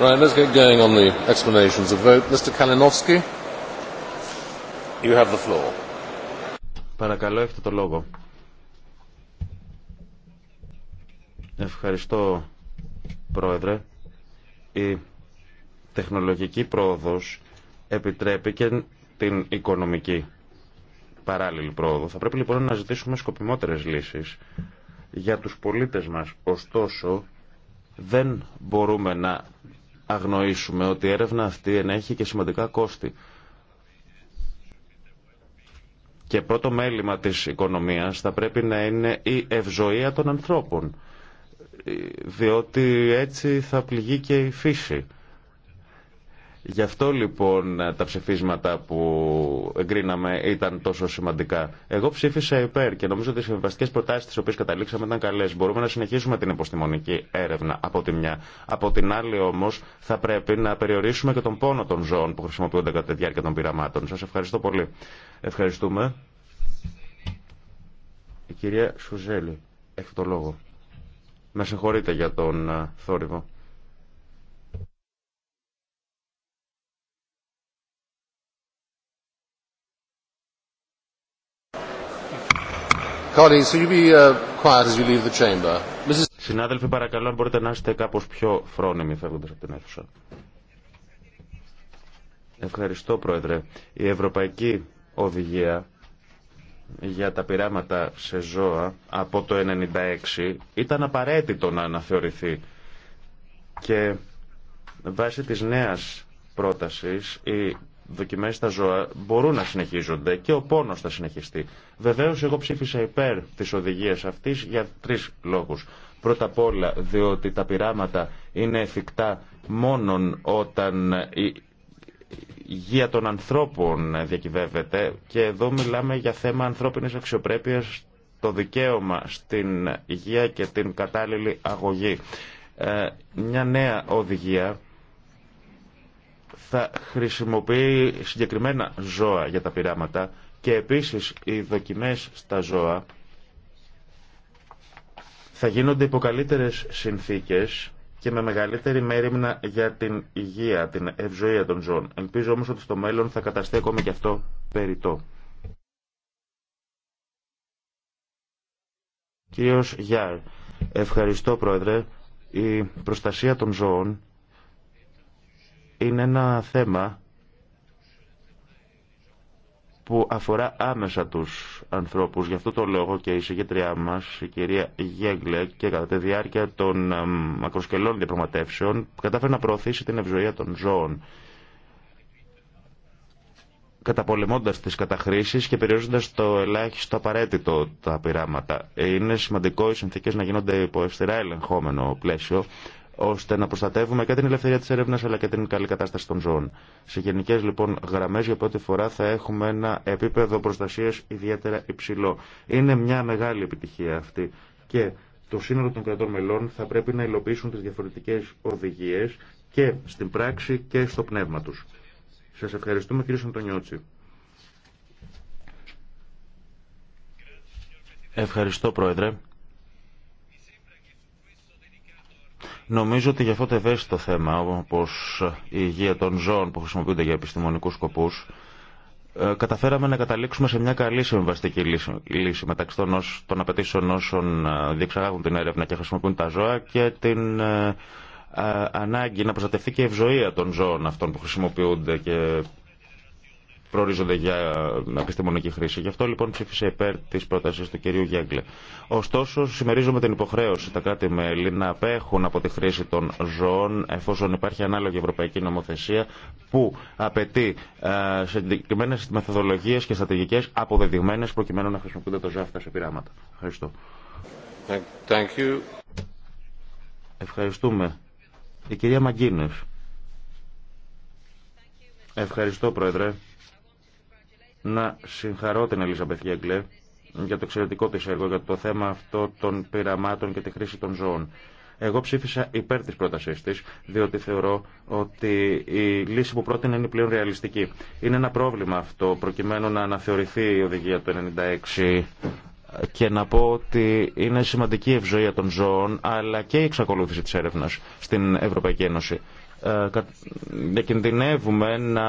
Παρακαλώ, έχετε το λόγο. Ευχαριστώ, Πρόεδρε. Η τεχνολογική πρόοδος επιτρέπει και την οικονομική παράλληλη πρόοδο. Θα πρέπει λοιπόν να ζητήσουμε σκοπιμότερες λύσεις για τους πολίτες μας. Ωστόσο, δεν μπορούμε να αγνοήσουμε ότι η έρευνα αυτή ενέχει και σημαντικά κόστη. Και πρώτο μέλημα της οικονομίας θα πρέπει να είναι η ευζωία των ανθρώπων, διότι έτσι θα πληγεί και η φύση. Γι' αυτό λοιπόν τα ψηφίσματα που εγκρίναμε ήταν τόσο σημαντικά. Εγώ ψήφισα υπέρ και νομίζω ότι οι συμβαστικέ προτάσει τι οποίε καταλήξαμε ήταν καλέ. Μπορούμε να συνεχίσουμε την επιστημονική έρευνα από τη μια. Από την άλλη όμω θα πρέπει να περιορίσουμε και τον πόνο των ζώων που χρησιμοποιούνται κατά τη διάρκεια των πειραμάτων. Σα ευχαριστώ πολύ. Ευχαριστούμε. Η κυρία Σουζέλη έχει το λόγο. Με συγχωρείτε για τον ε, θόρυβο. Συνάδελφοι, παρακαλώ, μπορείτε να είστε κάπως πιο φρόνιμοι φεύγοντας από την αίθουσα. Ευχαριστώ, Πρόεδρε. Η Ευρωπαϊκή Οδηγία για τα πειράματα σε ζώα από το 1996 ήταν απαραίτητο να αναθεωρηθεί και βάσει της νέας πρότασης η δοκιμές στα ζώα μπορούν να συνεχίζονται και ο πόνος θα συνεχιστεί. Βεβαίως εγώ ψήφισα υπέρ της οδηγίας αυτής για τρεις λόγους. Πρώτα απ' όλα διότι τα πειράματα είναι εφικτά μόνον όταν η υγεία των ανθρώπων διακυβεύεται και εδώ μιλάμε για θέμα ανθρώπινης αξιοπρέπειας το δικαίωμα στην υγεία και την κατάλληλη αγωγή. Ε, μια νέα οδηγία θα χρησιμοποιεί συγκεκριμένα ζώα για τα πειράματα και επίσης οι δοκιμές στα ζώα θα γίνονται υπό καλύτερες συνθήκες και με μεγαλύτερη μέρημνα για την υγεία, την ευζοία των ζώων. Ελπίζω όμως ότι στο μέλλον θα καταστέκομαι και αυτό περιττό. Κύριος Γιάρ, ευχαριστώ Πρόεδρε. Η προστασία των ζώων είναι ένα θέμα που αφορά άμεσα τους ανθρώπους. Γι' αυτό το λόγο και η συγκεκριά μας, η κυρία Γέγκλε, και κατά τη διάρκεια των μακροσκελών διαπραγματεύσεων, κατάφερε να προωθήσει την ευζοία των ζώων καταπολεμώντας τις καταχρήσεις και περιορίζοντα το ελάχιστο απαραίτητο τα πειράματα. Είναι σημαντικό οι συνθήκε να γίνονται υπό ευστηρά ελεγχόμενο πλαίσιο, ώστε να προστατεύουμε και την ελευθερία τη έρευνα αλλά και την καλή κατάσταση των ζώων. Σε γενικέ λοιπόν γραμμέ για πρώτη φορά θα έχουμε ένα επίπεδο προστασία ιδιαίτερα υψηλό. Είναι μια μεγάλη επιτυχία αυτή και το σύνολο των κρατών μελών θα πρέπει να υλοποιήσουν τι διαφορετικέ οδηγίε και στην πράξη και στο πνεύμα του. Σα ευχαριστούμε κύριε Σαντωνιώτση. Ευχαριστώ πρόεδρε. Νομίζω ότι για αυτό το ευαίσθητο θέμα, όπω η υγεία των ζώων που χρησιμοποιούνται για επιστημονικούς σκοπούς, ε, καταφέραμε να καταλήξουμε σε μια καλή συμβαστική λύση, λύση μεταξύ των, των απαιτήσεων όσων ε, διεξαγάγουν την έρευνα και χρησιμοποιούν τα ζώα και την ε, ανάγκη να προστατευτεί και η ευζοία των ζώων αυτών που χρησιμοποιούνται προορίζονται για επιστημονική χρήση. Γι' αυτό λοιπόν ψήφισε υπέρ τη πρόταση του κυρίου Γέγκλε. Ωστόσο, συμμερίζομαι την υποχρέωση τα κράτη-μέλη να απέχουν από τη χρήση των ζώων εφόσον υπάρχει ανάλογη ευρωπαϊκή νομοθεσία που απαιτεί ε, συγκεκριμένε μεθοδολογίε και στρατηγικέ αποδεδειγμένε προκειμένου να χρησιμοποιούνται το ζώα αυτά σε πειράματα. Ευχαριστώ. Thank you. Ευχαριστούμε. Η κυρία Μαγκίνες. Ευχαριστώ, Πρόεδρε να συγχαρώ την Ελίζα Μπεθιέγκλε για το εξαιρετικό της έργο, για το θέμα αυτό των πειραμάτων και τη χρήση των ζώων. Εγώ ψήφισα υπέρ τη πρότασή τη, διότι θεωρώ ότι η λύση που πρότεινε είναι πλέον ρεαλιστική. Είναι ένα πρόβλημα αυτό, προκειμένου να αναθεωρηθεί η οδηγία του 1996 και να πω ότι είναι σημαντική η ευζοία των ζώων, αλλά και η εξακολούθηση της έρευνας στην Ευρωπαϊκή Ένωση. Ε, διακινδυνεύουμε να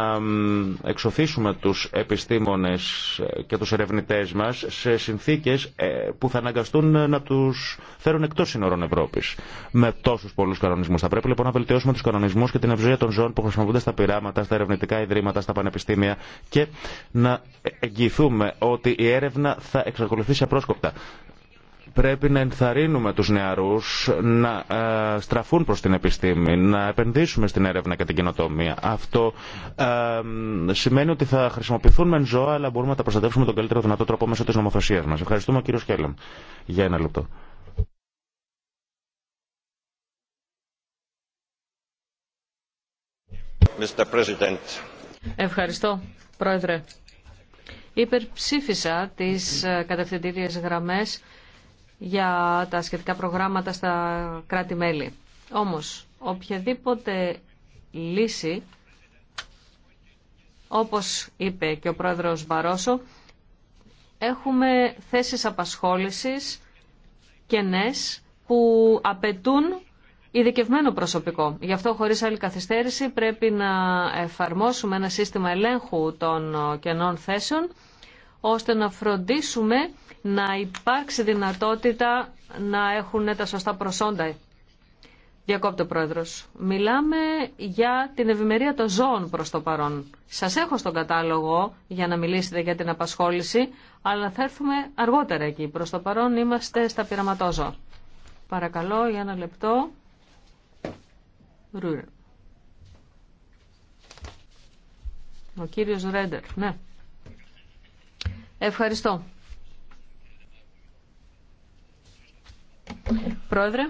εξοφήσουμε τους επιστήμονες ε, και τους ερευνητές μας σε συνθήκες ε, που θα αναγκαστούν να τους φέρουν εκτός σύνορων Ευρώπης με τόσους πολλούς κανονισμούς. Θα πρέπει λοιπόν να βελτιώσουμε τους κανονισμούς και την ευζοία των ζώων που χρησιμοποιούνται στα πειράματα, στα ερευνητικά ιδρύματα, στα πανεπιστήμια και να εγγυηθούμε ότι η έρευνα θα εξακολουθήσει απρόσκοπτα πρέπει να ενθαρρύνουμε τους νεαρούς να ε, στραφούν προς την επιστήμη, να επενδύσουμε στην έρευνα και την κοινοτομία. Αυτό ε, σημαίνει ότι θα χρησιμοποιηθούν μεν ζώα, αλλά μπορούμε να τα προστατεύσουμε τον καλύτερο δυνατό τρόπο μέσω της νομοθεσίας μας. Ευχαριστούμε κύριο Σκέλεμ για ένα λεπτό. Ευχαριστώ, Πρόεδρε. Υπερψήφισα τις ε, κατευθυντήριες γραμμές για τα σχετικά προγράμματα στα κράτη-μέλη. Όμως, οποιαδήποτε λύση, όπως είπε και ο πρόεδρος Βαρόσο, έχουμε θέσεις απασχόλησης νες που απαιτούν ειδικευμένο προσωπικό. Γι' αυτό χωρίς άλλη καθυστέρηση πρέπει να εφαρμόσουμε ένα σύστημα ελέγχου των κενών θέσεων ώστε να φροντίσουμε να υπάρξει δυνατότητα να έχουν τα σωστά προσόντα. Διακόπτω, Πρόεδρος. Μιλάμε για την ευημερία των ζώων προς το παρόν. Σας έχω στον κατάλογο για να μιλήσετε για την απασχόληση, αλλά θα έρθουμε αργότερα εκεί. Προς το παρόν είμαστε στα πειραματόζω. Παρακαλώ για ένα λεπτό. Ο κύριος Ρέντερ, ναι. Ευχαριστώ. Πρόεδρε,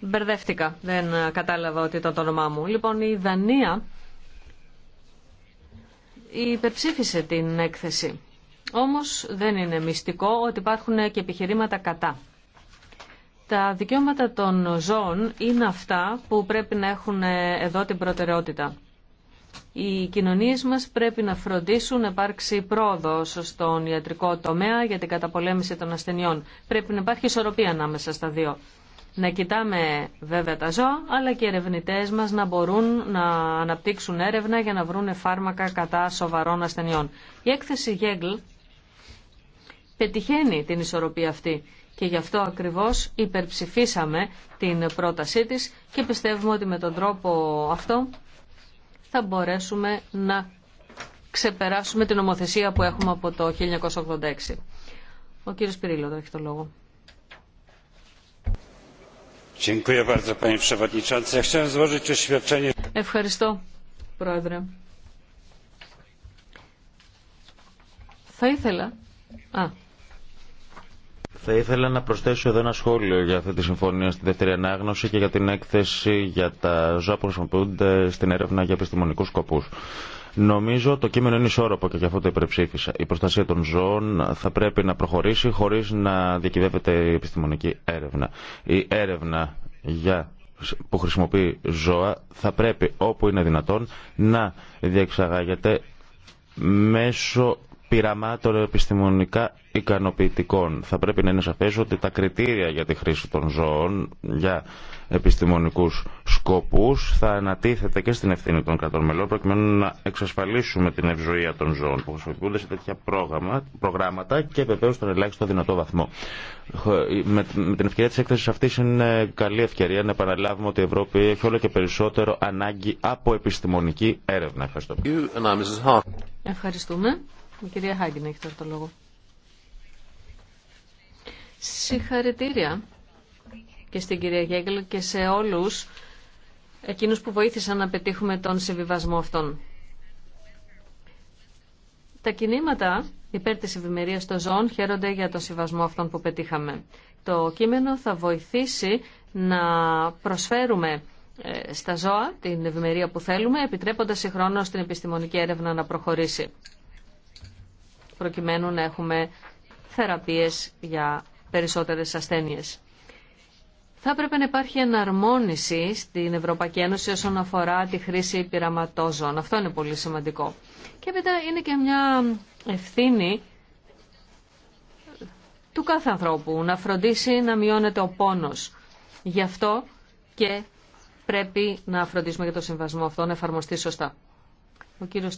μπερδεύτηκα. Δεν κατάλαβα ότι ήταν το όνομά μου. Λοιπόν, η Δανία υπερψήφισε την έκθεση. Όμως δεν είναι μυστικό ότι υπάρχουν και επιχειρήματα κατά. Τα δικαιώματα των ζώων είναι αυτά που πρέπει να έχουν εδώ την προτεραιότητα. Οι κοινωνίες μας πρέπει να φροντίσουν να υπάρξει πρόοδο στον ιατρικό τομέα για την καταπολέμηση των ασθενειών. Πρέπει να υπάρχει ισορροπία ανάμεσα στα δύο. Να κοιτάμε βέβαια τα ζώα, αλλά και οι ερευνητέ μα να μπορούν να αναπτύξουν έρευνα για να βρουν φάρμακα κατά σοβαρών ασθενειών. Η έκθεση Γέγκλ πετυχαίνει την ισορροπία αυτή και γι' αυτό ακριβώ υπερψηφίσαμε την πρότασή τη και πιστεύουμε ότι με τον τρόπο αυτό θα μπορέσουμε να ξεπεράσουμε την νομοθεσία που έχουμε από το 1986. Ο κύριος Πυρίλο, έχει το λόγο. Ευχαριστώ, Πρόεδρε. Θα ήθελα... Α, θα ήθελα να προσθέσω εδώ ένα σχόλιο για αυτή τη συμφωνία στη δεύτερη ανάγνωση και για την έκθεση για τα ζώα που χρησιμοποιούνται στην έρευνα για επιστημονικούς σκοπούς. Νομίζω το κείμενο είναι ισόρροπο και γι' αυτό το υπερψήφισα. Η προστασία των ζώων θα πρέπει να προχωρήσει χωρίς να διακυβεύεται η επιστημονική έρευνα. Η έρευνα για που χρησιμοποιεί ζώα θα πρέπει όπου είναι δυνατόν να διεξαγάγεται μέσω πείραμα επιστημονικά ικανοποιητικών. Θα πρέπει να είναι σαφές ότι τα κριτήρια για τη χρήση των ζώων για επιστημονικούς σκοπούς θα ανατίθεται και στην ευθύνη των κρατών μελών προκειμένου να εξασφαλίσουμε την ευζοία των ζώων που χρησιμοποιούνται σε τέτοια πρόγραμμα, προγράμματα και βεβαίω στον ελάχιστο δυνατό βαθμό. Με, την ευκαιρία τη έκθεση αυτή είναι καλή ευκαιρία να επαναλάβουμε ότι η Ευρώπη έχει όλο και περισσότερο ανάγκη από επιστημονική έρευνα. Ευχαριστώ. Ευχαριστούμε. Η κυρία Χάγκιν έχει τώρα το λόγο. Συγχαρητήρια και στην κυρία Γέγκλ και σε όλους εκείνους που βοήθησαν να πετύχουμε τον συμβιβασμό αυτόν. Τα κινήματα υπέρ της ευημερίας των ζώων χαίρονται για τον συμβασμό αυτόν που πετύχαμε. Το κείμενο θα βοηθήσει να προσφέρουμε ε, στα ζώα την ευημερία που θέλουμε, επιτρέποντας συγχρόνως την επιστημονική έρευνα να προχωρήσει προκειμένου να έχουμε θεραπείες για περισσότερες ασθένειες. Θα έπρεπε να υπάρχει εναρμόνιση στην Ευρωπαϊκή Ένωση όσον αφορά τη χρήση πειραματόζων. Αυτό είναι πολύ σημαντικό. Και έπειτα είναι και μια ευθύνη του κάθε ανθρώπου να φροντίσει να μειώνεται ο πόνος. Γι' αυτό και πρέπει να φροντίσουμε για το συμβασμό αυτό να εφαρμοστεί σωστά. Ο κύριος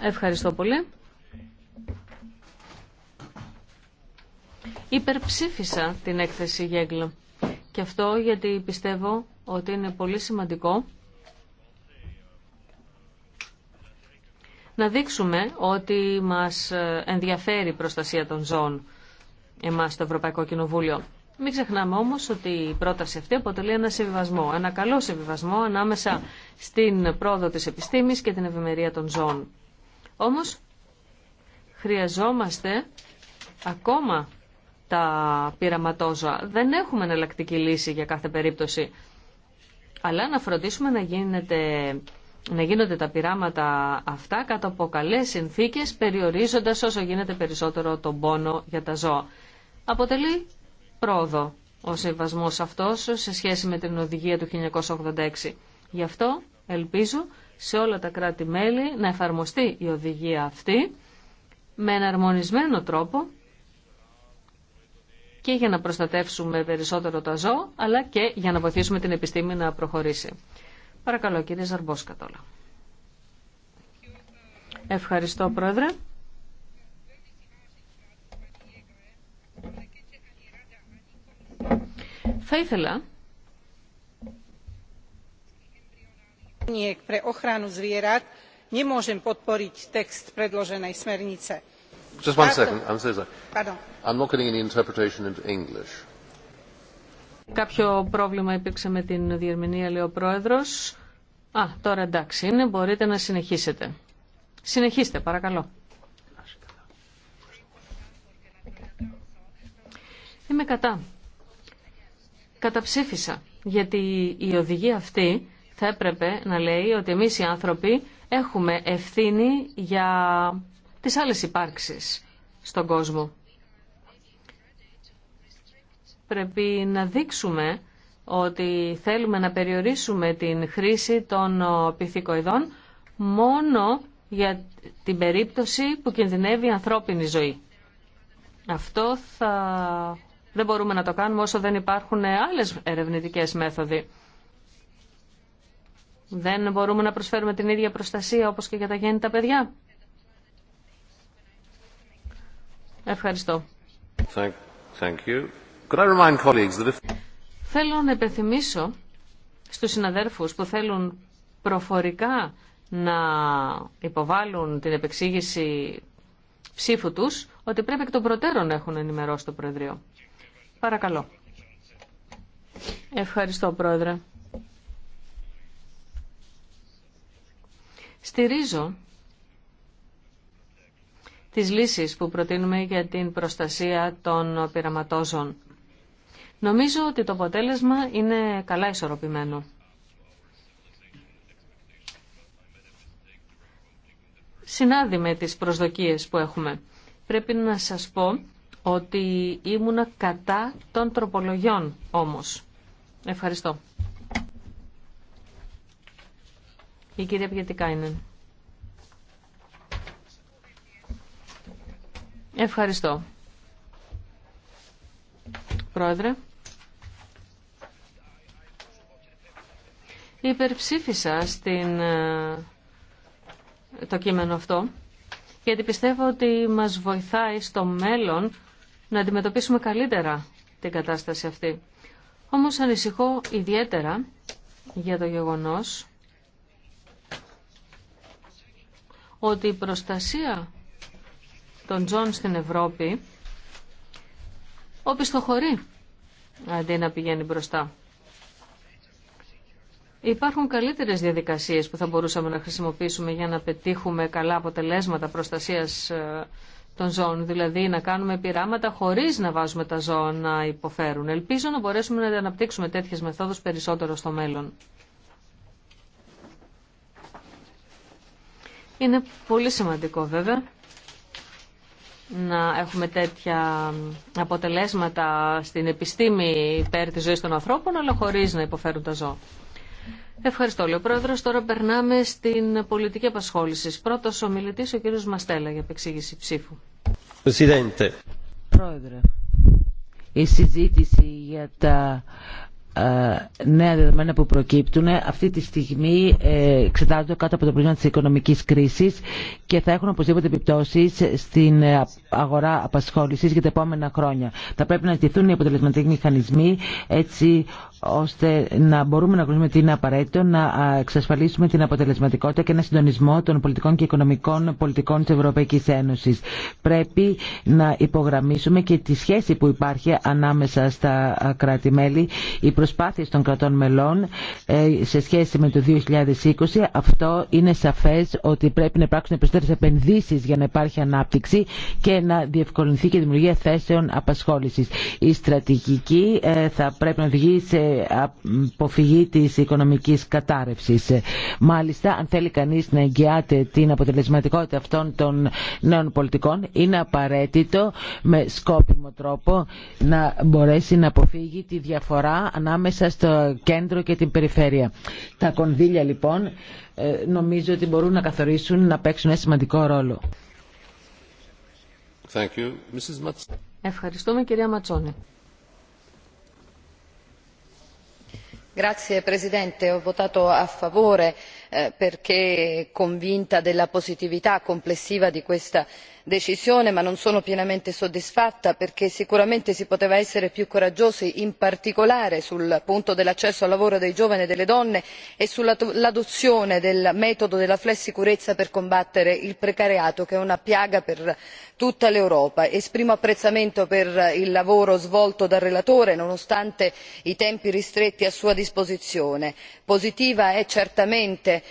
Ευχαριστώ πολύ. Υπερψήφισα την έκθεση Γέγκλο. Και αυτό γιατί πιστεύω ότι είναι πολύ σημαντικό να δείξουμε ότι μας ενδιαφέρει η προστασία των ζώων εμάς στο Ευρωπαϊκό Κοινοβούλιο. Μην ξεχνάμε όμως ότι η πρόταση αυτή αποτελεί ένα συμβιβασμό, ένα καλό συμβιβασμό ανάμεσα στην πρόοδο της επιστήμης και την ευημερία των ζώων. Όμως χρειαζόμαστε ακόμα τα πειραματόζωα. Δεν έχουμε εναλλακτική λύση για κάθε περίπτωση. Αλλά να φροντίσουμε να, γίνονται τα πειράματα αυτά κατά από καλές συνθήκες, περιορίζοντας όσο γίνεται περισσότερο τον πόνο για τα ζώα. Αποτελεί πρόοδο ο σεβασμός αυτός σε σχέση με την οδηγία του 1986. Γι' αυτό ελπίζω σε όλα τα κράτη-μέλη να εφαρμοστεί η οδηγία αυτή με εναρμονισμένο τρόπο και για να προστατεύσουμε περισσότερο τα ζώα, αλλά και για να βοηθήσουμε την επιστήμη να προχωρήσει. Παρακαλώ, κύριε Ζαρμπόσκα τώρα. Ευχαριστώ, Πρόεδρε. Θα ήθελα Κάποιο πρόβλημα υπήρξε με την διερμηνία, λέει ο Πρόεδρος. Α, τώρα εντάξει είναι, μπορείτε να συνεχίσετε. Συνεχίστε, παρακαλώ. Είμαι κατά. Καταψήφισα, γιατί η οδηγία αυτή θα έπρεπε να λέει ότι εμείς οι άνθρωποι έχουμε ευθύνη για τις άλλες υπάρξεις στον κόσμο. Πρέπει να δείξουμε ότι θέλουμε να περιορίσουμε την χρήση των ε, πυθικοειδών μόνο για την περίπτωση που κινδυνεύει η ανθρώπινη ζωή. Αυτό θα... δεν μπορούμε να το κάνουμε όσο δεν υπάρχουν άλλες ερευνητικές μέθοδοι. Δεν μπορούμε να προσφέρουμε την ίδια προστασία όπως και για τα γέννητα παιδιά. Ευχαριστώ. Thank, you. Could I remind colleagues that if... Θέλω να υπενθυμίσω στους συναδέρφους που θέλουν προφορικά να υποβάλουν την επεξήγηση ψήφου τους, ότι πρέπει εκ των προτέρων να έχουν ενημερώσει το Προεδρείο. Παρακαλώ. Ευχαριστώ, Πρόεδρε. Στηρίζω τις λύσεις που προτείνουμε για την προστασία των πειραματόζων. Νομίζω ότι το αποτέλεσμα είναι καλά ισορροπημένο. Συνάδει με τις προσδοκίες που έχουμε. Πρέπει να σας πω ότι ήμουνα κατά των τροπολογιών όμως. Ευχαριστώ. Η κυρία Πιετικάινεν. Ευχαριστώ. Πρόεδρε. Υπερψήφισα στην, ε, το κείμενο αυτό γιατί πιστεύω ότι μας βοηθάει στο μέλλον να αντιμετωπίσουμε καλύτερα την κατάσταση αυτή. Όμως ανησυχώ ιδιαίτερα για το γεγονός ότι η προστασία των ζών στην Ευρώπη οπισθοχωρεί αντί να πηγαίνει μπροστά. Υπάρχουν καλύτερες διαδικασίες που θα μπορούσαμε να χρησιμοποιήσουμε για να πετύχουμε καλά αποτελέσματα προστασίας ε, των ζώων, δηλαδή να κάνουμε πειράματα χωρίς να βάζουμε τα ζώα να υποφέρουν. Ελπίζω να μπορέσουμε να αναπτύξουμε τέτοιες μεθόδους περισσότερο στο μέλλον. Είναι πολύ σημαντικό βέβαια να έχουμε τέτοια αποτελέσματα στην επιστήμη υπέρ της ζωής των ανθρώπων, αλλά χωρίς να υποφέρουν τα ζώα. Ευχαριστώ, λέει Τώρα περνάμε στην πολιτική απασχόληση. Πρώτος ο μιλητής, ο κύριος Μαστέλα, για επεξήγηση ψήφου. Πρόεδρε, η συζήτηση για τα ε, νέα δεδομένα που προκύπτουν αυτή τη στιγμή ε, εξετάζονται κάτω από το πρίσμα της οικονομικής κρίσης και θα έχουν οπωσδήποτε επιπτώσεις στην ε, αγορά απασχόλησης για τα επόμενα χρόνια. Θα πρέπει να ζητηθούν οι αποτελεσματικοί μηχανισμοί έτσι ώστε να μπορούμε να γνωρίζουμε τι είναι απαραίτητο, να εξασφαλίσουμε την αποτελεσματικότητα και ένα συντονισμό των πολιτικών και οικονομικών πολιτικών της Ευρωπαϊκής Ένωσης. Πρέπει να υπογραμμίσουμε και τη σχέση που υπάρχει ανάμεσα στα κράτη-μέλη, οι προσπάθειες των κρατών μελών ε, σε σχέση με το 2020. Αυτό είναι σαφές ότι πρέπει να υπάρξουν περισσότερες επενδύσεις για να υπάρχει ανάπτυξη και να διευκολυνθεί και η δημιουργία θέσεων απασχόλησης. Η στρατηγική ε, θα πρέπει να οδηγεί σε αποφυγή της οικονομικής κατάρρευσης. Μάλιστα, αν θέλει κανείς να εγγυάται την αποτελεσματικότητα αυτών των νέων πολιτικών, είναι απαραίτητο με σκόπιμο τρόπο να μπορέσει να αποφύγει τη διαφορά ανάμεσα στο κέντρο και την περιφέρεια. Τα κονδύλια λοιπόν ε, νομίζω ότι μπορούν να καθορίσουν να παίξουν ένα σημαντικό ρόλο. Thank you. Mrs. Ευχαριστούμε κυρία Ματσόνη. signor presidente ho votato a favore perché convinta della positività complessiva di questa decisione ma non sono pienamente soddisfatta perché sicuramente si poteva essere più coraggiosi in particolare sul punto dell'accesso al lavoro dei giovani e delle donne e sull'adozione del metodo della flessicurezza per combattere il precariato che è una piaga per tutta l'europa. esprimo apprezzamento per il lavoro svolto dal relatore nonostante i tempi ristretti a sua disposizione positiva è certamente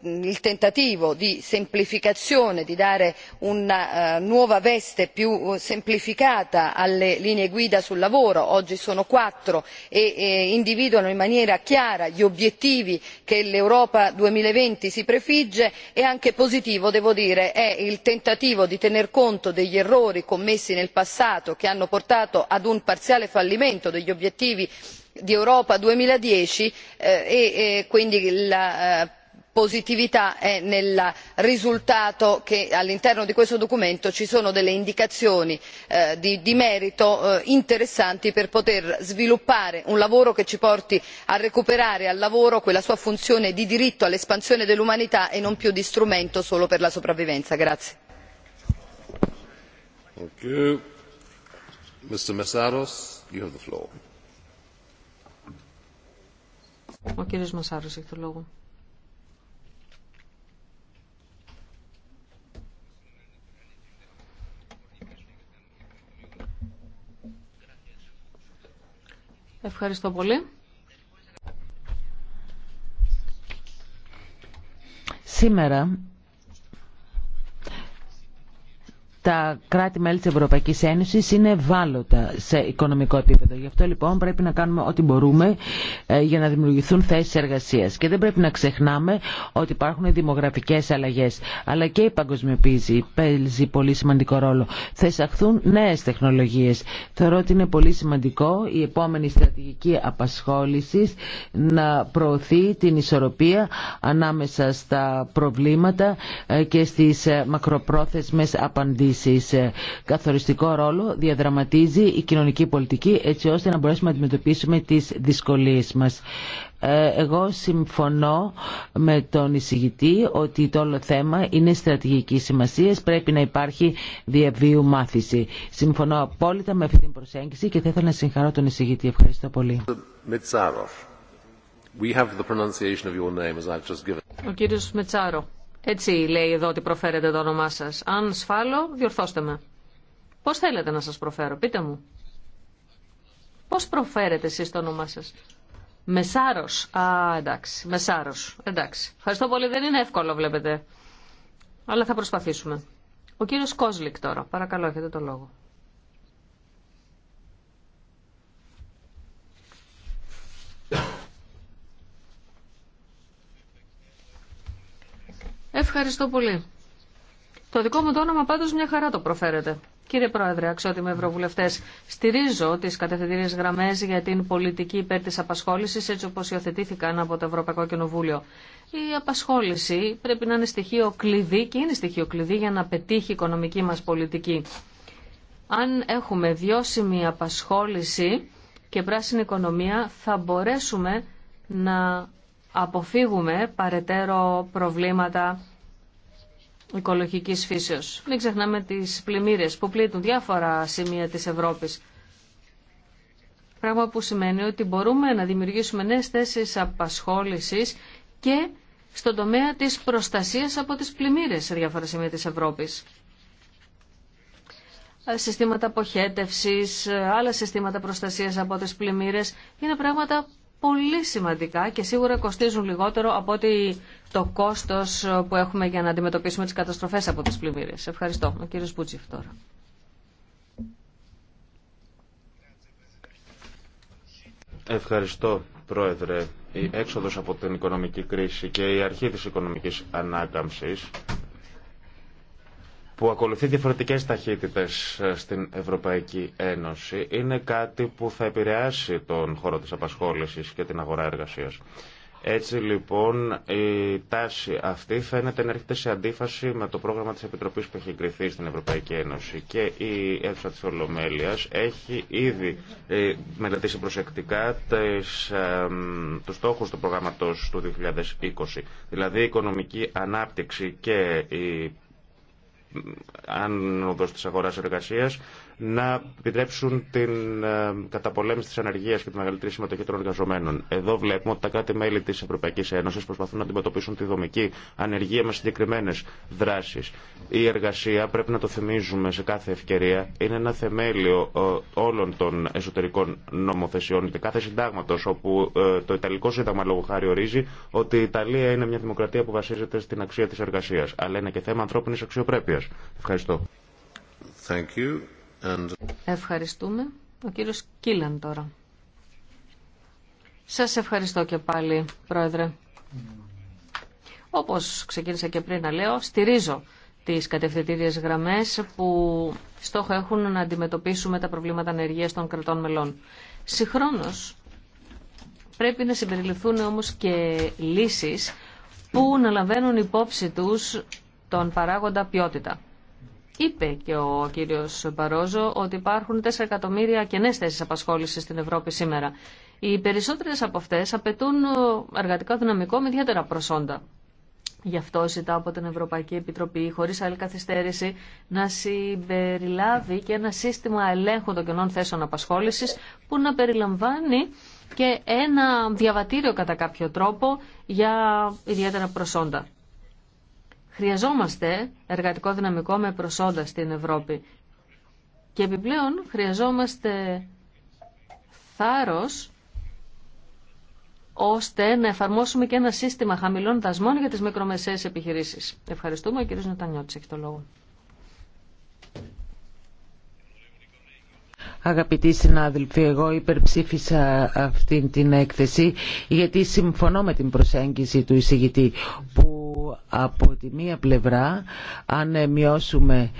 il tentativo di semplificazione di dare una nuova veste più semplificata alle linee guida sul lavoro oggi sono quattro e individuano in maniera chiara gli obiettivi che l'europa duemilaventi si prefigge e anche positivo devo dire è il tentativo di tener conto degli errori commessi nel passato che hanno portato ad un parziale fallimento degli obiettivi di europa duemiladieci e quindi la positività è nel risultato che all'interno di questo documento ci sono delle indicazioni di merito interessanti per poter sviluppare un lavoro che ci porti a recuperare al lavoro quella sua funzione di diritto all'espansione dell'umanità e non più di strumento solo per la sopravvivenza. Ο κύριος Μασάρος έχει το λόγο. Ευχαριστώ πολύ. Σήμερα τα κράτη-μέλη της Ευρωπαϊκής Ένωσης είναι ευάλωτα σε οικονομικό επίπεδο. Γι' αυτό λοιπόν πρέπει να κάνουμε ό,τι μπορούμε ε, για να δημιουργηθούν θέσεις εργασίας. Και δεν πρέπει να ξεχνάμε ότι υπάρχουν δημογραφικές αλλαγές. Αλλά και η παγκοσμιοποίηση παίζει πολύ σημαντικό ρόλο. Θα εισαχθούν νέες τεχνολογίες. Θεωρώ ότι είναι πολύ σημαντικό η επόμενη στρατηγική απασχόληση να προωθεί την ισορροπία ανάμεσα στα προβλήματα ε, και στις ε, μακροπρόθεσμες απαντήσεις διαχείρισης. Ε, καθοριστικό ρόλο διαδραματίζει η κοινωνική πολιτική έτσι ώστε να μπορέσουμε να αντιμετωπίσουμε τις δυσκολίες μας. Ε, εγώ συμφωνώ με τον εισηγητή ότι το όλο θέμα είναι στρατηγική σημασία. Πρέπει να υπάρχει διαβίου μάθηση. Συμφωνώ απόλυτα με αυτή την προσέγγιση και θα ήθελα να συγχαρώ τον εισηγητή. Ευχαριστώ πολύ. Ο κύριος έτσι λέει εδώ ότι προφέρετε το όνομά σας. Αν σφάλω, διορθώστε με. Πώς θέλετε να σας προφέρω, πείτε μου. Πώς προφέρετε εσεί το όνομά σα, Μεσάρο. Α, εντάξει. Μεσάρο, Εντάξει. Ευχαριστώ πολύ. Δεν είναι εύκολο, βλέπετε. Αλλά θα προσπαθήσουμε. Ο κύριος Κόσλικ τώρα. Παρακαλώ, έχετε το λόγο. Ευχαριστώ πολύ. Το δικό μου το όνομα πάντως μια χαρά το προφέρετε. Κύριε Πρόεδρε, αξιότιμοι Ευρωβουλευτέ, στηρίζω τι κατευθυντήριε γραμμέ για την πολιτική υπέρ τη απασχόληση έτσι όπω υιοθετήθηκαν από το Ευρωπαϊκό Κοινοβούλιο. Η απασχόληση πρέπει να είναι στοιχείο κλειδί και είναι στοιχείο κλειδί για να πετύχει η οικονομική μα πολιτική. Αν έχουμε βιώσιμη απασχόληση και πράσινη οικονομία, θα μπορέσουμε να αποφύγουμε παρετέρω προβλήματα οικολογικής φύσεως. Μην ξεχνάμε τις πλημμύρες που πλήττουν διάφορα σημεία της Ευρώπης. Πράγμα που σημαίνει ότι μπορούμε να δημιουργήσουμε νέες θέσεις απασχόλησης και στον τομέα της προστασίας από τις πλημμύρες σε διάφορα σημεία της Ευρώπης. Συστήματα αποχέτευσης, άλλα συστήματα προστασίας από τις πλημμύρες είναι πράγματα πολύ σημαντικά και σίγουρα κοστίζουν λιγότερο από το κόστος που έχουμε για να αντιμετωπίσουμε τι καταστροφέ από τις πλημμύρες. Ευχαριστώ. Ο κύριο Μπούτσιφ τώρα. Ευχαριστώ, Πρόεδρε. Η έξοδος από την οικονομική κρίση και η αρχή της οικονομικής ανάκαμψης που ακολουθεί διαφορετικές ταχύτητες ε, στην Ευρωπαϊκή Ένωση είναι κάτι που θα επηρεάσει τον χώρο της απασχόλησης και την αγορά εργασίας. Έτσι λοιπόν η τάση αυτή φαίνεται να έρχεται σε αντίφαση με το πρόγραμμα της Επιτροπής που έχει εγκριθεί στην Ευρωπαϊκή Ένωση και η αίθουσα της Ολομέλειας έχει ήδη ε, μελετήσει προσεκτικά τις, ε, τους στόχους του προγράμματος του 2020, δηλαδή η οικονομική ανάπτυξη και η άν άνοδος της αγορά εργασία, να επιτρέψουν την ε, καταπολέμηση τη ανεργία και τη μεγαλύτερη συμμετοχή των εργαζομένων. Εδώ βλέπουμε ότι τα κράτη-μέλη τη Ευρωπαϊκή Ένωση προσπαθούν να αντιμετωπίσουν τη δομική ανεργία με συγκεκριμένε δράσει. Η εργασία, πρέπει να το θυμίζουμε σε κάθε ευκαιρία, είναι ένα θεμέλιο ε, όλων των εσωτερικών νομοθεσιών και κάθε συντάγματο, όπου ε, το Ιταλικό Σύνταγμα λόγω χάρη ορίζει ότι η Ιταλία είναι μια δημοκρατία που βασίζεται στην αξία τη εργασία. Αλλά είναι και θέμα ανθρώπινη αξιοπρέπεια. Ευχαριστώ. Thank you. Ευχαριστούμε. Ο κύριος Κίλαν τώρα. Σας ευχαριστώ και πάλι, Πρόεδρε. Όπως ξεκίνησα και πριν να λέω, στηρίζω τις κατευθυντήριες γραμμές που στόχο έχουν να αντιμετωπίσουμε τα προβλήματα ανεργίας των κρατών μελών. Συγχρόνως, πρέπει να συμπεριληφθούν όμως και λύσεις που να λαμβάνουν υπόψη τους τον παράγοντα ποιότητα. Είπε και ο κύριο Παρόζο ότι υπάρχουν 4 εκατομμύρια κενές θέσεις απασχόλησης στην Ευρώπη σήμερα. Οι περισσότερε από αυτέ απαιτούν ε, εργατικό δυναμικό με ιδιαίτερα προσόντα. Γι' αυτό ζητάω από την Ευρωπαϊκή Επιτροπή, χωρί άλλη καθυστέρηση, να συμπεριλάβει και ένα σύστημα ελέγχου των κενών θέσεων απασχόληση που να περιλαμβάνει και ένα διαβατήριο κατά κάποιο τρόπο για ιδιαίτερα προσόντα. Χρειαζόμαστε εργατικό δυναμικό με προσόντα στην Ευρώπη. Και επιπλέον χρειαζόμαστε θάρρος ώστε να εφαρμόσουμε και ένα σύστημα χαμηλών δασμών για τις μικρομεσαίες επιχειρήσεις. Ευχαριστούμε. Ο κ. Νοτανιώτης έχει το λόγο. Αγαπητοί συνάδελφοι, εγώ υπερψήφισα αυτή την έκθεση γιατί συμφωνώ με την προσέγγιση του εισηγητή που από τη μία πλευρά αν μειώσουμε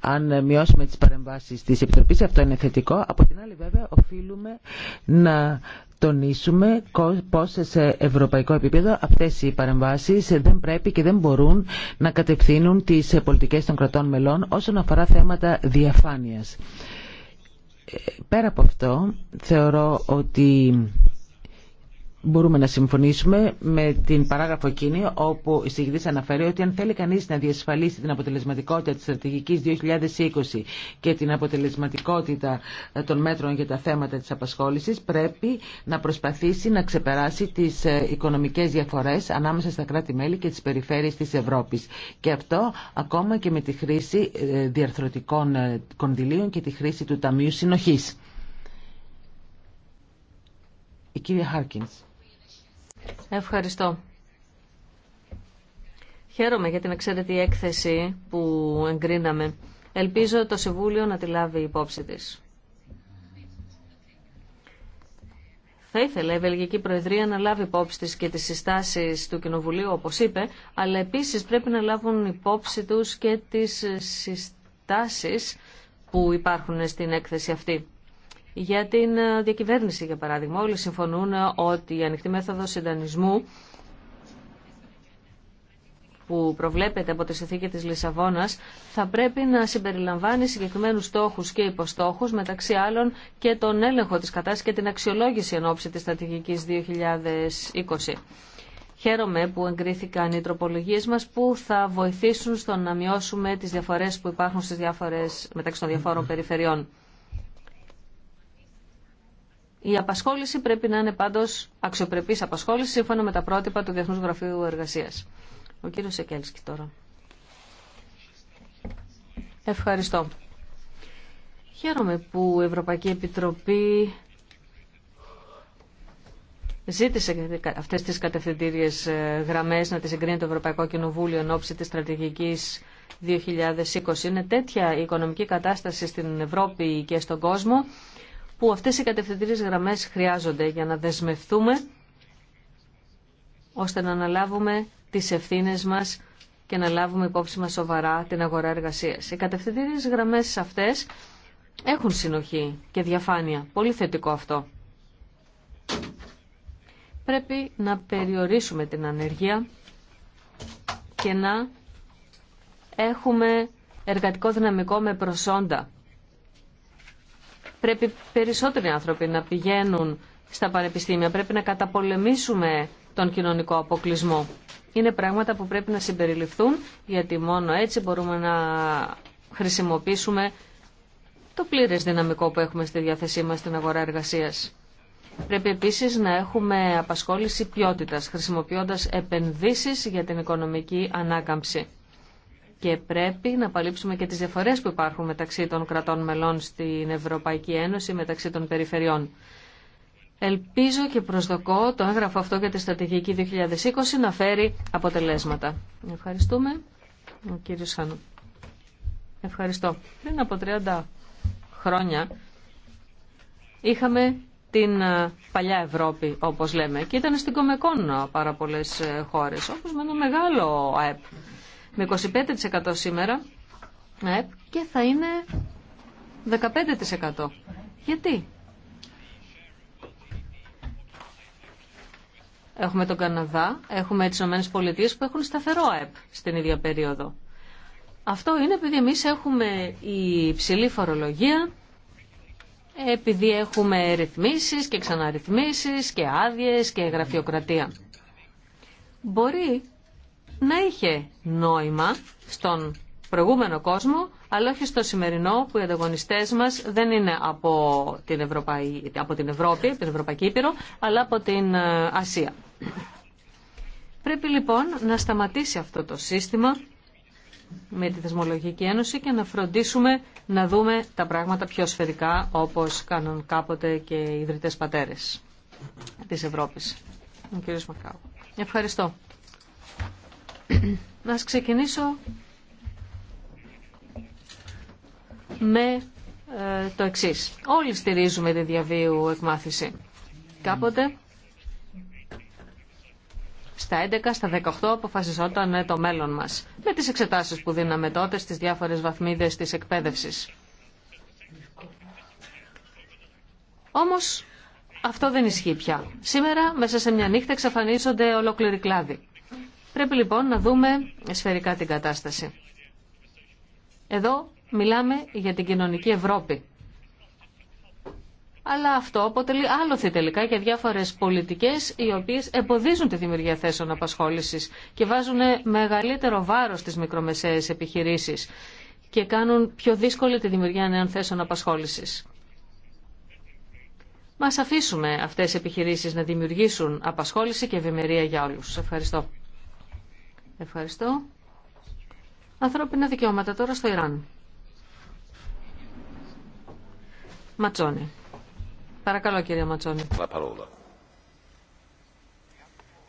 αν μειώσουμε τις παρεμβάσεις της Επιτροπής, αυτό είναι θετικό. Από την άλλη βέβαια οφείλουμε να τονίσουμε πως σε ευρωπαϊκό επίπεδο αυτές οι παρεμβάσεις δεν πρέπει και δεν μπορούν να κατευθύνουν τις πολιτικές των κρατών μελών όσον αφορά θέματα διαφάνειας. Ε, πέρα από αυτό θεωρώ ότι μπορούμε να συμφωνήσουμε με την παράγραφο εκείνη όπου η συγκεκριτή αναφέρει ότι αν θέλει κανεί να διασφαλίσει την αποτελεσματικότητα τη στρατηγική 2020 και την αποτελεσματικότητα των μέτρων για τα θέματα τη απασχόληση, πρέπει να προσπαθήσει να ξεπεράσει τι ε, οικονομικέ διαφορέ ανάμεσα στα κράτη-μέλη και τι περιφέρειε τη Ευρώπη. Και αυτό ακόμα και με τη χρήση ε, διαρθρωτικών ε, κονδυλίων και τη χρήση του Ταμείου Συνοχή. Η κυρία Χάρκινς. Ευχαριστώ. Χαίρομαι για την εξαιρετική έκθεση που εγκρίναμε. Ελπίζω το Συμβούλιο να τη λάβει υπόψη της. Θα ήθελα η Βελγική Προεδρία να λάβει υπόψη της και τις συστάσεις του Κοινοβουλίου, όπως είπε, αλλά επίσης πρέπει να λάβουν υπόψη τους και τις συστάσεις που υπάρχουν στην έκθεση αυτή για την ε, διακυβέρνηση, για παράδειγμα. Όλοι συμφωνούν ε, ότι η ανοιχτή μέθοδος συντανισμού που προβλέπεται από τη συνθήκη της Λισαβόνας θα πρέπει να συμπεριλαμβάνει συγκεκριμένους στόχους και υποστόχους μεταξύ άλλων και τον έλεγχο της κατάστασης και την αξιολόγηση εν ώψη της στρατηγικής 2020. Χαίρομαι που εγκρίθηκαν οι τροπολογίε μα που θα βοηθήσουν στο να μειώσουμε τι διαφορέ που υπάρχουν στις διάφορες, μεταξύ των διαφόρων περιφερειών. Η απασχόληση πρέπει να είναι πάντως αξιοπρεπή απασχόληση σύμφωνα με τα πρότυπα του Διεθνού Γραφείου εργασία. Ο κύριο Σεκέλσκι τώρα. Ευχαριστώ. Χαίρομαι που η Ευρωπαϊκή Επιτροπή ζήτησε αυτές τις κατευθυντήριες ε, γραμμές να τις εγκρίνει το Ευρωπαϊκό Κοινοβούλιο εν ώψη της στρατηγικής 2020. Είναι τέτοια η οικονομική κατάσταση στην Ευρώπη και στον κόσμο που αυτές οι κατευθυντήριες γραμμές χρειάζονται για να δεσμευτούμε ώστε να αναλάβουμε τις ευθύνες μας και να λάβουμε υπόψη μας σοβαρά την αγορά εργασίας. Οι κατευθυντήριες γραμμές αυτές έχουν συνοχή και διαφάνεια. Πολύ θετικό αυτό. Πρέπει να περιορίσουμε την ανεργία και να έχουμε εργατικό δυναμικό με προσόντα Πρέπει περισσότεροι άνθρωποι να πηγαίνουν στα πανεπιστήμια. Πρέπει να καταπολεμήσουμε τον κοινωνικό αποκλεισμό. Είναι πράγματα που πρέπει να συμπεριληφθούν, γιατί μόνο έτσι μπορούμε να χρησιμοποιήσουμε το πλήρες δυναμικό που έχουμε στη διάθεσή μας στην αγορά εργασίας. Πρέπει επίσης να έχουμε απασχόληση ποιότητας, χρησιμοποιώντας επενδύσεις για την οικονομική ανάκαμψη και πρέπει να παλύψουμε και τις διαφορές που υπάρχουν μεταξύ των κρατών μελών στην Ευρωπαϊκή Ένωση, μεταξύ των περιφερειών. Ελπίζω και προσδοκώ το έγγραφο αυτό για τη στρατηγική 2020 να φέρει αποτελέσματα. Ευχαριστούμε. Ο κύριος Ευχαριστώ. Πριν από 30 χρόνια είχαμε την παλιά Ευρώπη, όπως λέμε, και ήταν στην Κομεκόν πάρα πολλές ε, χώρες, όπως με ένα μεγάλο ΑΕΠ με 25% σήμερα και θα είναι 15%. Γιατί? Έχουμε τον Καναδά, έχουμε τις Ηνωμένες Πολιτείες που έχουν σταθερό ΑΕΠ στην ίδια περίοδο. Αυτό είναι επειδή εμείς έχουμε η υψηλή φορολογία, επειδή έχουμε ρυθμίσεις και ξαναρυθμίσεις και άδειες και γραφειοκρατία. Μπορεί να είχε νόημα στον προηγούμενο κόσμο, αλλά όχι στο σημερινό που οι ανταγωνιστές μας δεν είναι από την, Ευρωπαϊ... από την Ευρώπη, την Ευρωπαϊκή Ήπειρο, αλλά από την ε, Ασία. Πρέπει λοιπόν να σταματήσει αυτό το σύστημα με τη Θεσμολογική Ένωση και να φροντίσουμε να δούμε τα πράγματα πιο σφαιρικά όπως κάνουν κάποτε και οι ιδρυτές πατέρες της Ευρώπης. Ο Ευχαριστώ. Να ξεκινήσω με ε, το εξής. Όλοι στηρίζουμε τη διαβίου εκμάθηση. Κάποτε στα 11, στα 18 αποφασιζόταν ε, το μέλλον μας. Με τις εξετάσεις που δίναμε τότε στις διάφορες βαθμίδες της εκπαίδευσης. Όμως αυτό δεν ισχύει πια. Σήμερα μέσα σε μια νύχτα εξαφανίζονται ολόκληροι κλάδοι. Πρέπει λοιπόν να δούμε σφαιρικά την κατάσταση. Εδώ μιλάμε για την κοινωνική Ευρώπη. Αλλά αυτό αποτελεί άλοθη τελικά για διάφορε πολιτικέ οι οποίε εμποδίζουν τη δημιουργία θέσεων απασχόληση και βάζουν μεγαλύτερο βάρο στι μικρομεσαίε επιχειρήσει και κάνουν πιο δύσκολη τη δημιουργία νέων θέσεων απασχόληση. Μα αφήσουμε αυτέ οι επιχειρήσει να δημιουργήσουν απασχόληση και ευημερία για όλου. Ευχαριστώ. Ευχαριστώ. Ανθρώπινα δικαιώματα τώρα στο Ιράν. Ματσόνη. Παρακαλώ κυρία Ματσόνη.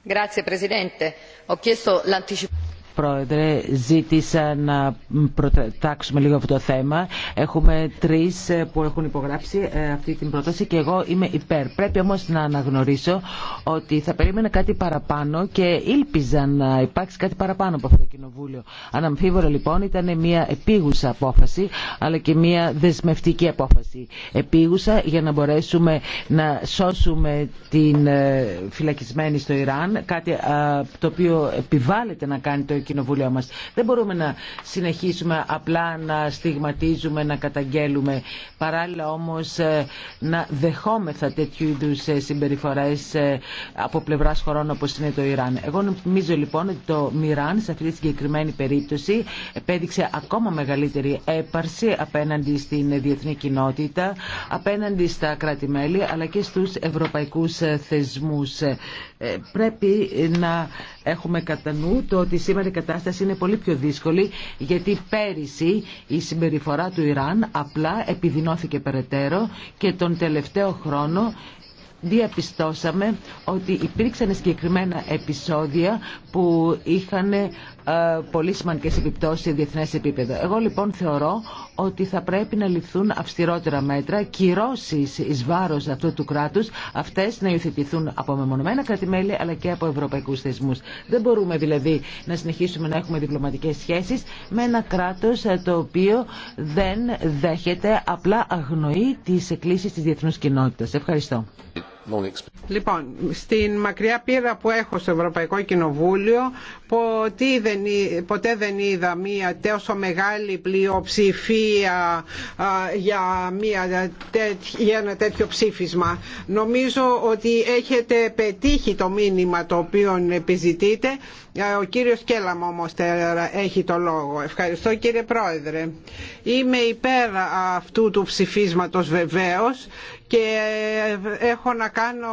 Grazie Presidente. Ho chiesto l'anticipazione. Πρόεδρε, ζήτησα να προτάξουμε λίγο αυτό το θέμα. Έχουμε τρει ε, που έχουν υπογράψει ε, αυτή την πρόταση και εγώ είμαι υπέρ. Πρέπει όμω να αναγνωρίσω ότι θα περίμενα κάτι παραπάνω και ήλπιζα να υπάρξει κάτι παραπάνω από αυτό το Κοινοβούλιο. Αναμφίβολα λοιπόν ήταν μια επίγουσα απόφαση αλλά και μια δεσμευτική απόφαση. Επίγουσα για να μπορέσουμε να σώσουμε την ε, φυλακισμένη στο Ιράν, κάτι το οποίο επιβάλλεται να κάνει το κοινοβούλια μας. Δεν μπορούμε να συνεχίσουμε απλά να στιγματίζουμε, να καταγγέλουμε. Παράλληλα όμως ε, να δεχόμεθα τέτοιου είδου ε, συμπεριφορές ε, από πλευράς χωρών όπως είναι το Ιράν. Εγώ νομίζω λοιπόν ότι το Μιράν σε αυτή τη συγκεκριμένη περίπτωση επέδειξε ακόμα μεγαλύτερη έπαρση απέναντι στην διεθνή κοινότητα, απέναντι στα κράτη-μέλη αλλά και στους ευρωπαϊκούς θεσμούς. Πρέπει να έχουμε κατά νου το ότι σήμερα κατάσταση είναι πολύ πιο δύσκολη γιατί πέρυσι η συμπεριφορά του Ιράν απλά επιδεινώθηκε περαιτέρω και τον τελευταίο χρόνο διαπιστώσαμε ότι υπήρξαν συγκεκριμένα επεισόδια που είχαν ε, πολύ σημαντικέ επιπτώσει σε διεθνέ επίπεδο. Εγώ λοιπόν θεωρώ ότι θα πρέπει να ληφθούν αυστηρότερα μέτρα, κυρώσει ει βάρο αυτού του κράτου, αυτέ να υιοθετηθούν από μεμονωμένα κρατημέλη αλλά και από ευρωπαϊκού θεσμού. Δεν μπορούμε δηλαδή να συνεχίσουμε να έχουμε διπλωματικέ σχέσει με ένα κράτο ε, το οποίο δεν δέχεται, απλά αγνοεί τι εκκλήσει τη διεθνού κοινότητα. Ευχαριστώ. Λοιπόν, στην μακριά πείρα που έχω στο Ευρωπαϊκό Κοινοβούλιο ποτέ δεν, ποτέ δεν είδα μία τόσο μεγάλη πλειοψηφία για, μια για ένα τέτοιο ψήφισμα. Νομίζω ότι έχετε πετύχει το μήνυμα το οποίο επιζητείτε. Ο κύριος Κέλαμ όμως έχει το λόγο. Ευχαριστώ κύριε Πρόεδρε. Είμαι υπέρ αυτού του ψηφίσματος βεβαίως και έχω να κάνω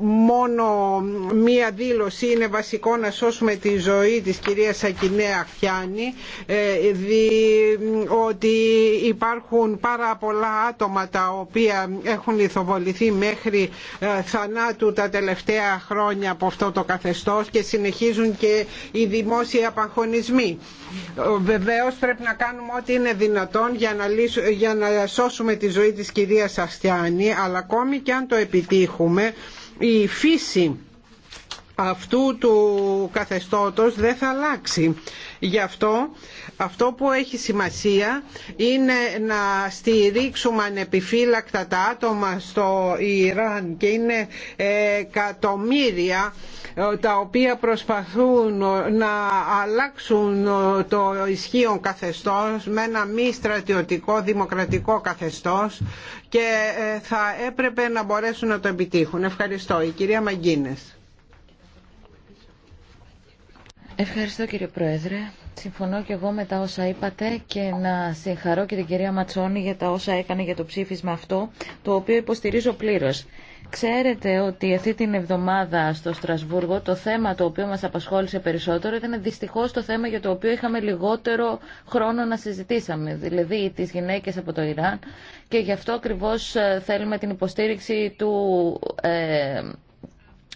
μόνο μία δήλωση. Είναι βασικό να σώσουμε τη ζωή της κυρίας Σακινέα ε, δι, ότι υπάρχουν πάρα πολλά άτομα τα οποία έχουν ηθοβοληθεί μέχρι ε, θανάτου τα τελευταία χρόνια από αυτό το καθεστώς και συνεχίζουν και οι δημόσιοι απαγχωνισμοί. Ε, βεβαίως πρέπει να κάνουμε ό,τι είναι δυνατόν για να, για να σώσουμε τη ζωή της κυρίας σας αλλά ακόμη και αν το επιτύχουμε η φύση αυτού του καθεστώτος δεν θα αλλάξει. Γι' αυτό αυτό που έχει σημασία είναι να στηρίξουμε ανεπιφύλακτα τα άτομα στο Ιράν και είναι εκατομμύρια ε, τα οποία προσπαθούν ε, να αλλάξουν ε, το ισχύον καθεστώς με ένα μη στρατιωτικό δημοκρατικό καθεστώς και θα έπρεπε να μπορέσουν να το επιτύχουν. Ευχαριστώ. Η κυρία Μαγκίνες. Ευχαριστώ κύριε Πρόεδρε. Συμφωνώ και εγώ με τα όσα είπατε και να συγχαρώ και την κυρία Ματσόνη για τα όσα έκανε για το ψήφισμα αυτό, το οποίο υποστηρίζω πλήρως. Ξέρετε ότι αυτή την εβδομάδα στο Στρασβούργο το θέμα το οποίο μας απασχόλησε περισσότερο ήταν δυστυχώς το θέμα για το οποίο είχαμε λιγότερο χρόνο να συζητήσαμε, δηλαδή τις γυναίκες από το Ιράν και γι' αυτό ακριβώς ε, θέλουμε την υποστήριξη του ε,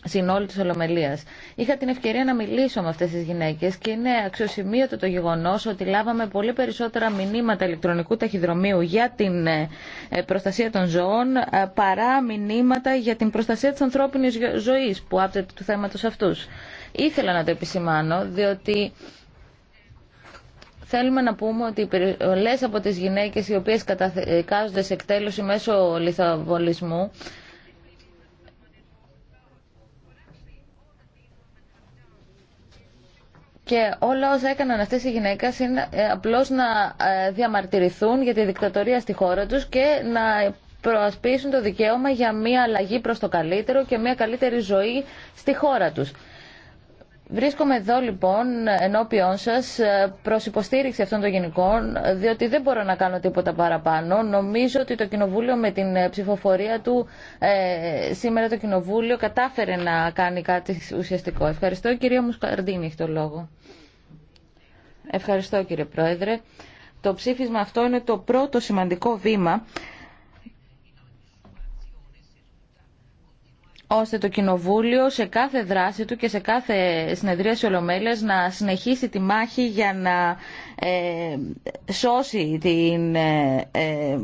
συνόλου της Ολομελίας. Είχα την ευκαιρία να μιλήσω με αυτές τις γυναίκες και είναι αξιοσημείωτο το γεγονός ότι λάβαμε πολύ περισσότερα μηνύματα ηλεκτρονικού ταχυδρομείου για την ε, ε, προστασία των ζώων ε, παρά μηνύματα για την προστασία της ανθρώπινης ζωής που άπτεται του θέματος αυτούς. Ήθελα να το επισημάνω διότι θέλουμε να πούμε ότι οι από τις γυναίκες οι οποίες καταδικάζονται σε εκτέλεση μέσω λιθοβολισμού Και όλα όσα έκαναν αυτές οι γυναίκες είναι ε, απλώς να ε, διαμαρτυρηθούν για τη δικτατορία στη χώρα τους και να προασπίσουν το δικαίωμα για μια αλλαγή προς το καλύτερο και μια καλύτερη ζωή στη χώρα τους. Βρίσκομαι εδώ λοιπόν ενώπιον σας ε, προς υποστήριξη αυτών των γενικών, διότι δεν μπορώ να κάνω τίποτα παραπάνω. Νομίζω ότι το Κοινοβούλιο με την ε, ψηφοφορία του ε, σήμερα το Κοινοβούλιο κατάφερε να κάνει κάτι ουσιαστικό. Ευχαριστώ κυρία Μουσκαρντίνη, έχει το λόγο. Ευχαριστώ κύριε Πρόεδρε. Το ψήφισμα αυτό είναι το πρώτο σημαντικό βήμα ώστε το Κοινοβούλιο σε κάθε δράση του και σε κάθε συνεδρίαση ολομέλειας να συνεχίσει τη μάχη για να ε, σώσει την ε, ε,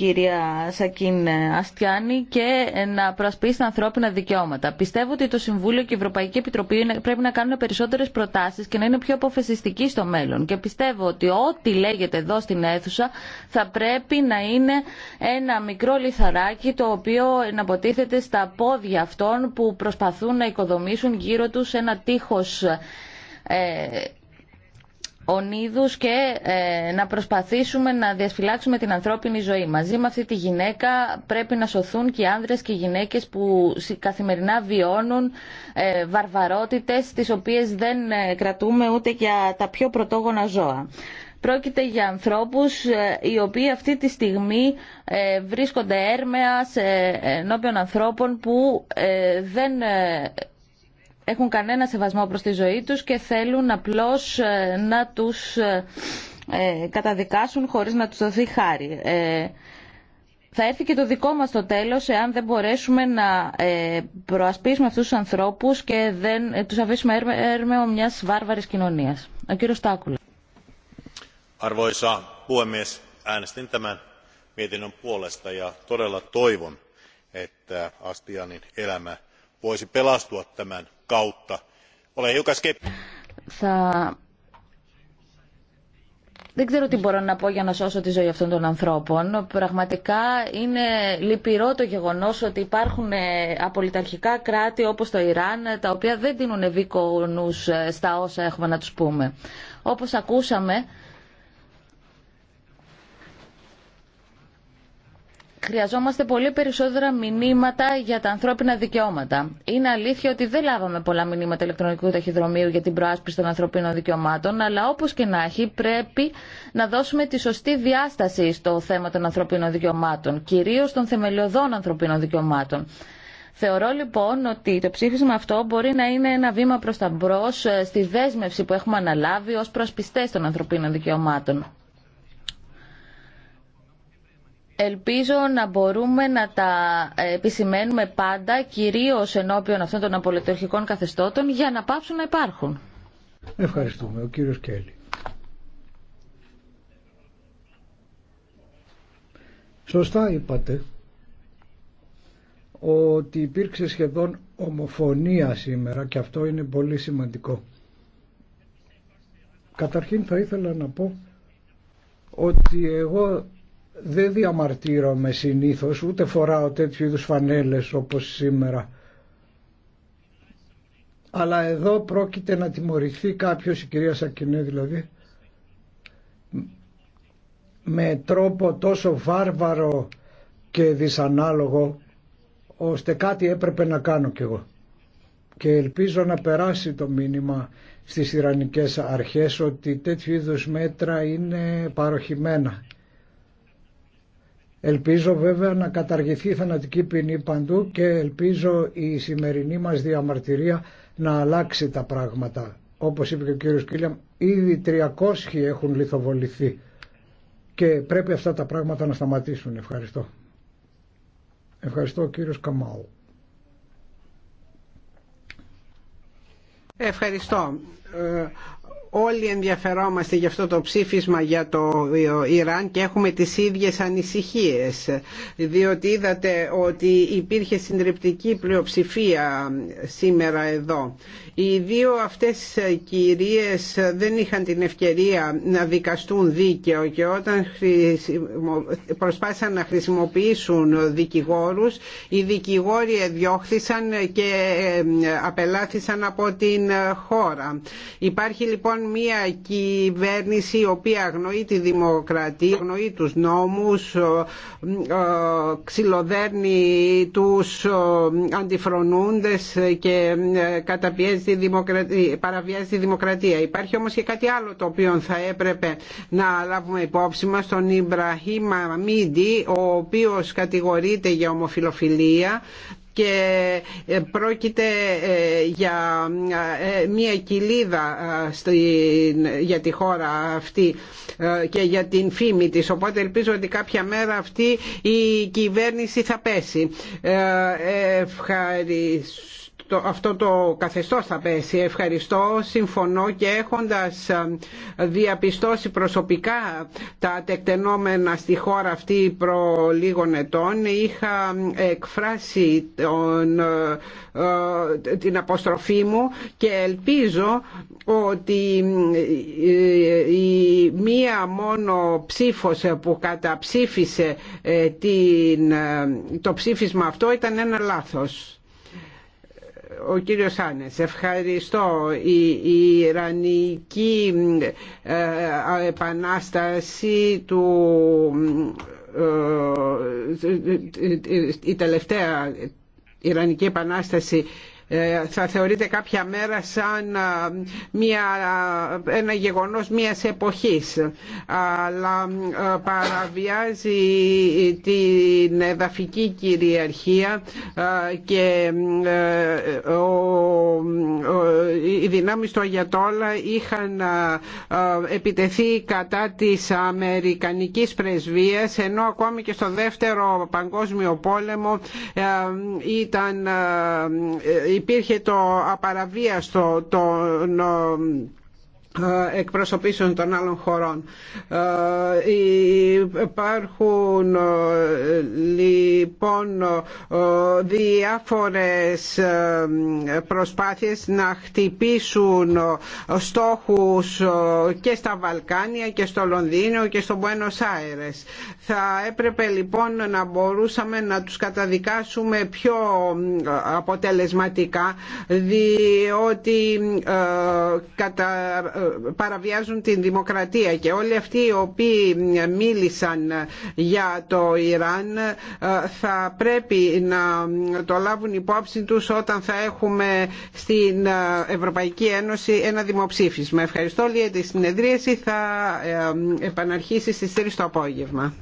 κυρία Σακίν Αστιάνη και να προασπίσει τα ανθρώπινα δικαιώματα. Πιστεύω ότι το Συμβούλιο και η Ευρωπαϊκή Επιτροπή πρέπει να κάνουν περισσότερε προτάσει και να είναι πιο αποφασιστικοί στο μέλλον. Και πιστεύω ότι ό,τι λέγεται εδώ στην αίθουσα θα πρέπει να είναι ένα μικρό λιθαράκι το οποίο να αποτίθεται στα πόδια αυτών που προσπαθούν να οικοδομήσουν γύρω του ένα τείχο. Ε, και ε, να προσπαθήσουμε να διασφυλάξουμε την ανθρώπινη ζωή. Μαζί με αυτή τη γυναίκα πρέπει να σωθούν και οι άνδρες και οι γυναίκες που καθημερινά βιώνουν ε, βαρβαρότητες τις οποίες δεν ε, κρατούμε ούτε για τα πιο πρωτόγονα ζώα. Πρόκειται για ανθρώπους οι οποίοι αυτή τη στιγμή βρίσκονται έρμεα ενώπιον ανθρώπων που δεν έχουν κανένα σεβασμό προς τη ζωή τους και θέλουν απλώς ε, να τους ε, ε, καταδικάσουν χωρίς να τους δοθεί χάρη. Θα έρθει και το δικό μας το τέλος εάν δεν μπορέσουμε να προασπίσουμε αυτούς τους ανθρώπους και δεν τους αφήσουμε έρμεο μιας βάρβαρης κοινωνίας. Ο κύριος Στάκουλα. Arvoisa puhemies, äänestin tämän mietinnön puolesta ja toivon, että Astianin elämä voisi Δεν ξέρω τι μπορώ να πω για να σώσω τη ζωή αυτών των ανθρώπων. Πραγματικά είναι λυπηρό το γεγονός ότι υπάρχουν ε, απολυταρχικά κράτη όπως το Ιράν, τα οποία δεν δίνουν ευήκονους ε, στα όσα έχουμε να τους πούμε. Όπως ακούσαμε, Χρειαζόμαστε πολύ περισσότερα μηνύματα για τα ανθρώπινα δικαιώματα. Είναι αλήθεια ότι δεν λάβαμε πολλά μηνύματα ηλεκτρονικού ταχυδρομείου για την προάσπιση των ανθρωπίνων δικαιωμάτων, αλλά όπω και να έχει, πρέπει να δώσουμε τη σωστή διάσταση στο θέμα των ανθρωπίνων δικαιωμάτων, κυρίω των θεμελιωδών ανθρωπίνων δικαιωμάτων. Θεωρώ λοιπόν ότι το ψήφισμα αυτό μπορεί να είναι ένα βήμα προς τα μπρος ε, στη δέσμευση που έχουμε αναλάβει ως προσπιστές των ανθρωπίνων δικαιωμάτων. Ελπίζω να μπορούμε να τα ε, επισημαίνουμε πάντα, κυρίως ενώπιον αυτών των απολυτορχικών καθεστώτων, για να πάψουν να υπάρχουν. Ευχαριστούμε. Ο κύριος Κέλλη. Σωστά είπατε ότι υπήρξε σχεδόν ομοφωνία σήμερα και αυτό είναι πολύ σημαντικό. Καταρχήν θα ήθελα να πω ότι εγώ δεν διαμαρτύρομαι συνήθως, ούτε φοράω τέτοιου είδους φανέλες όπως σήμερα. Αλλά εδώ πρόκειται να τιμωρηθεί κάποιος, η κυρία Σακινέ δηλαδή, με τρόπο τόσο βάρβαρο και δυσανάλογο, ώστε κάτι έπρεπε να κάνω κι εγώ. Και ελπίζω να περάσει το μήνυμα στις Ιρανικές αρχές ότι τέτοιου είδους μέτρα είναι παροχημένα Ελπίζω βέβαια να καταργηθεί η θανατική ποινή παντού και ελπίζω η σημερινή μας διαμαρτυρία να αλλάξει τα πράγματα. Όπως είπε και ο κύριος Κίλιαμ, ήδη 300 έχουν λιθοβοληθεί και πρέπει αυτά τα πράγματα να σταματήσουν. Ευχαριστώ. Ευχαριστώ κύριος Καμάου. Ευχαριστώ. Ε, όλοι ενδιαφερόμαστε για αυτό το ψήφισμα για το Ιράν και έχουμε τις ίδιες ανησυχίες διότι είδατε ότι υπήρχε συντριπτική πλειοψηφία σήμερα εδώ οι δύο αυτές κυρίες δεν είχαν την ευκαιρία να δικαστούν δίκαιο και όταν προσπάθησαν να χρησιμοποιήσουν δικηγόρους οι δικηγόροι διώχθησαν και ε, απελάθησαν από την χώρα υπάρχει λοιπόν μια κυβέρνηση η οποία αγνοεί τη δημοκρατία, αγνοεί τους νόμους, ξυλοδέρνει τους αντιφρονούντες και ε, καταπιέζει τη δημοκρατία, παραβιάζει τη δημοκρατία. Υπάρχει όμως και κάτι άλλο το οποίο θα έπρεπε να λάβουμε υπόψη μας, τον Ιμπραχήμα Μίντι, ο οποίος κατηγορείται για ομοφιλοφιλία και ε, πρόκειται ε, για ε, μια κοιλίδα για τη χώρα αυτή και για την φήμη της οπότε ελπίζω ότι κάποια μέρα αυτή η κυβέρνηση θα πέσει. Ευχαριστώ το, αυτό το καθεστώς θα πέσει. Ευχαριστώ, συμφωνώ και έχοντας ε, διαπιστώσει προσωπικά τα τεκτενόμενα στη χώρα αυτή προ λίγων ετών είχα εκφράσει ε, ε, την αποστροφή μου και ελπίζω ότι η μία μόνο ψήφος που καταψήφισε την, το ψήφισμα αυτό ήταν ένα λάθος ο κύριος Άνες. Ευχαριστώ. Η Ιρανική επανάσταση του η τελευταία Ιρανική επανάσταση θα θεωρείται κάποια μέρα σαν μια, ένα γεγονός μιας εποχής αλλά παραβιάζει την εδαφική κυριαρχία και ε, οι δυνάμεις του Αγιατόλα είχαν επιτεθεί κατά της Αμερικανικής πρεσβείας ενώ ακόμη και στο δεύτερο παγκόσμιο πόλεμο ε, ήταν υπήρχε το απαραβίαστο το... Ε, εκπροσωπήσεων των άλλων χωρών. Ε, υπάρχουν ε, λοιπόν διάφορες προσπάθειες να χτυπήσουν στόχους και στα Βαλκάνια και στο Λονδίνο και στο Μπουένος Άιρες. Θα έπρεπε λοιπόν να μπορούσαμε να τους καταδικάσουμε πιο αποτελεσματικά διότι κατά παραβιάζουν την δημοκρατία και όλοι αυτοί οι οποίοι μίλησαν για το Ιράν ε, θα πρέπει να το λάβουν υπόψη τους όταν θα έχουμε στην ε, Ευρωπαϊκή Ένωση ένα δημοψήφισμα. Ευχαριστώ όλοι για τη συνεδρίαση. Θα ε, επαναρχίσει στις 3 το απόγευμα.